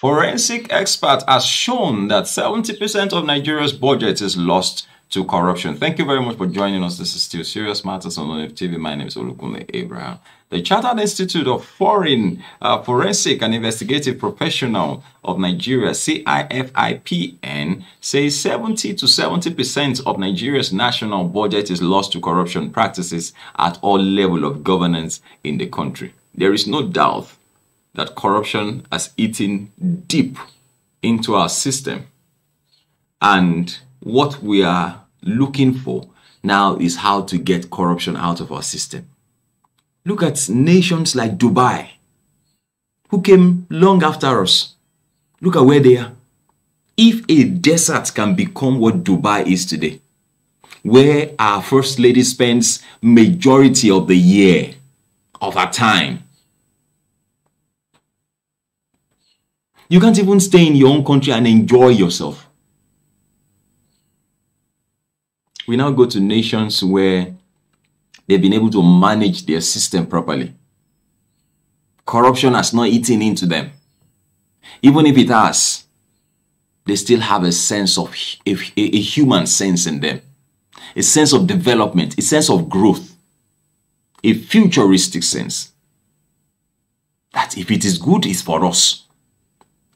Forensic experts has shown that 70% of Nigeria's budget is lost to corruption. Thank you very much for joining us. This is still Serious Matters on ONF TV. My name is Olukunle Abraham. The Chartered Institute of Foreign uh, Forensic and Investigative Professional of Nigeria, CIFIPN, says 70 to 70% of Nigeria's national budget is lost to corruption practices at all level of governance in the country. There is no doubt that corruption has eaten deep into our system. And what we are looking for now is how to get corruption out of our system. Look at nations like Dubai, who came long after us. Look at where they are. If a desert can become what Dubai is today, where our first lady spends majority of the year of her time You can't even stay in your own country and enjoy yourself. We now go to nations where they've been able to manage their system properly. Corruption has not eaten into them. Even if it has, they still have a sense of a, a, human sense in them, a sense of development, a sense of growth, a futuristic sense. That if it is good, it's for us.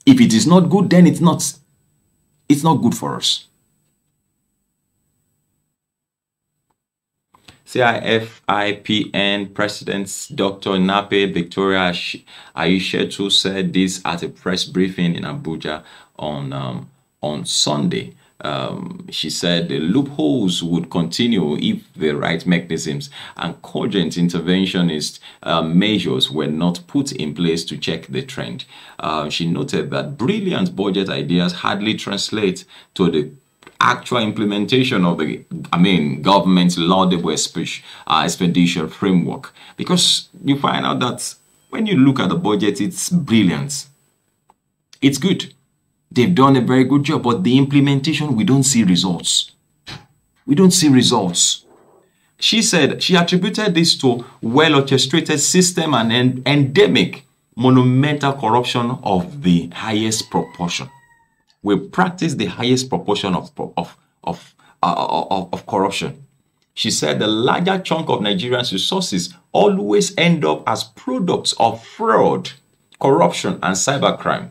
If it is not good, then it's not, it's not good for us. CIFIPN President Dr. Nape Victoria Aishetu said this at a press briefing in Abuja on, um, on Sunday. Um, she said the loopholes would continue if the right mechanisms and cogent interventionist uh, measures were not put in place to check the trend. Uh, she noted that brilliant budget ideas hardly translate to the actual implementation of the, I mean, government's laudable uh, expedition framework. Because you find out that when you look at the budget, it's brilliant. It's good. They've done a very good job, but the implementation, we don't see results. We don't see results. She said she attributed this to well orchestrated system and en- endemic monumental corruption of the highest proportion. We practice the highest proportion of, of, of, uh, of, of corruption. She said the larger chunk of Nigeria's resources always end up as products of fraud, corruption, and cybercrime.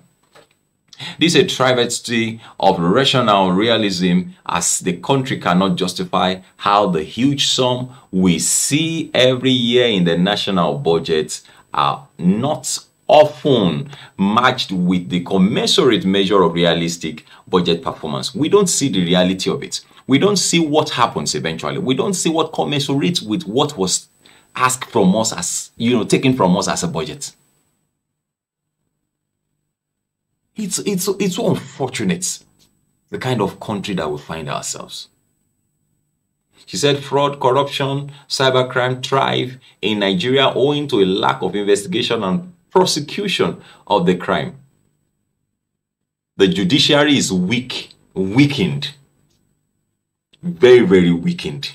This is a travesty of rational realism as the country cannot justify how the huge sum we see every year in the national budget are not often matched with the commensurate measure of realistic budget performance. We don't see the reality of it. We don't see what happens eventually. We don't see what commensurates with what was asked from us as, you know, taken from us as a budget. It's, it's, it's so unfortunate, the kind of country that we find ourselves. She said fraud, corruption, cybercrime thrive in Nigeria owing to a lack of investigation and prosecution of the crime. The judiciary is weak, weakened, very, very weakened.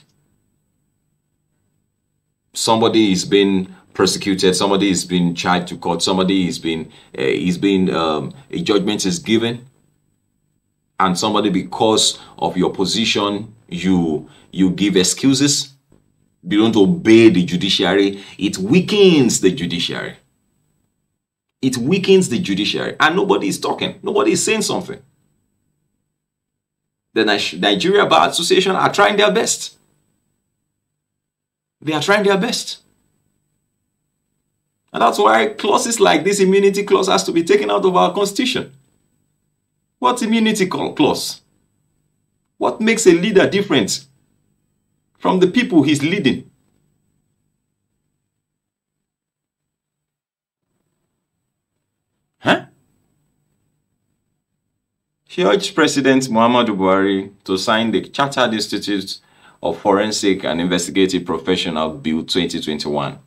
Somebody is being persecuted somebody is being tried to court somebody is being uh, eh, is being um, a judgment is given and somebody because of your position you you give excuses you don't obey the judiciary it weakens the judiciary it weakens the judiciary and nobody is talking nobody is saying something the nigeria bar association are trying their best they are trying their best and that's why clauses like this immunity clause has to be taken out of our constitution. What immunity clause? What makes a leader different from the people he's leading? Huh? She urged President Muhammadu Buhari to sign the Chartered Institute of Forensic and Investigative Professional Bill 2021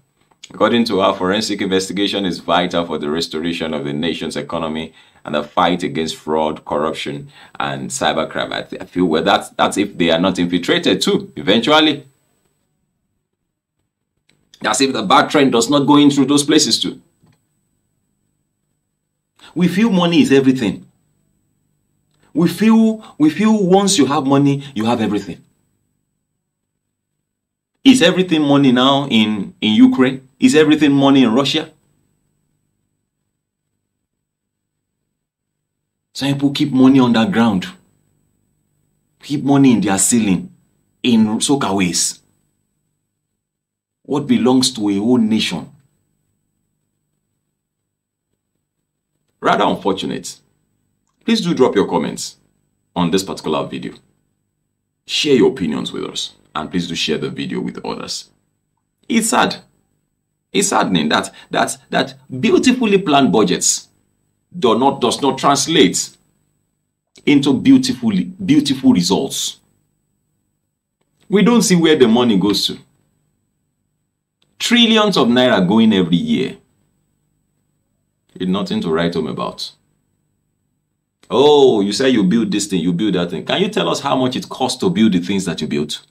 According to her, forensic investigation is vital for the restoration of the nation's economy and the fight against fraud, corruption, and cybercrime. I feel well, that's, that's if they are not infiltrated too, eventually. That's if the bad trend does not go in through those places too. We feel money is everything. We feel, we feel once you have money, you have everything. Is everything money now in, in Ukraine? Is everything money in Russia? Some people keep money underground, keep money in their ceiling, in soakaways. What belongs to a whole nation? Rather unfortunate. Please do drop your comments on this particular video. Share your opinions with us and please do share the video with others. It's sad it's saddening that that that beautifully planned budgets do not does not translate into beautifully beautiful results. We don't see where the money goes to. Trillions of naira going every year. It's nothing to write home about. Oh, you say you build this thing, you build that thing. Can you tell us how much it costs to build the things that you built?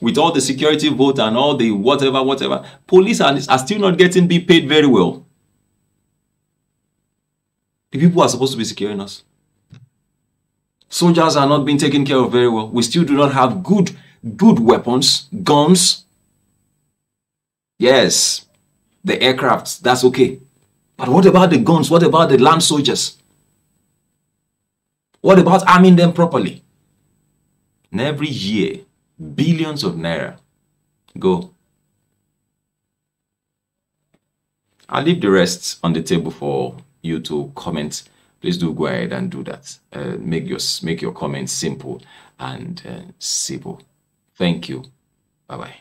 with all the security vote and all the whatever, whatever, police are, are still not getting be paid very well. The people are supposed to be securing us. Soldiers are not being taken care of very well. We still do not have good, good weapons, guns. Yes, the aircrafts, that's okay. But what about the guns? What about the land soldiers? What about arming them properly? And every year, billions of naira go. I'll leave the rest on the table for you to comment. Please do go ahead and do that. Uh, make your make your comments simple and uh, simple. Thank you. Bye bye.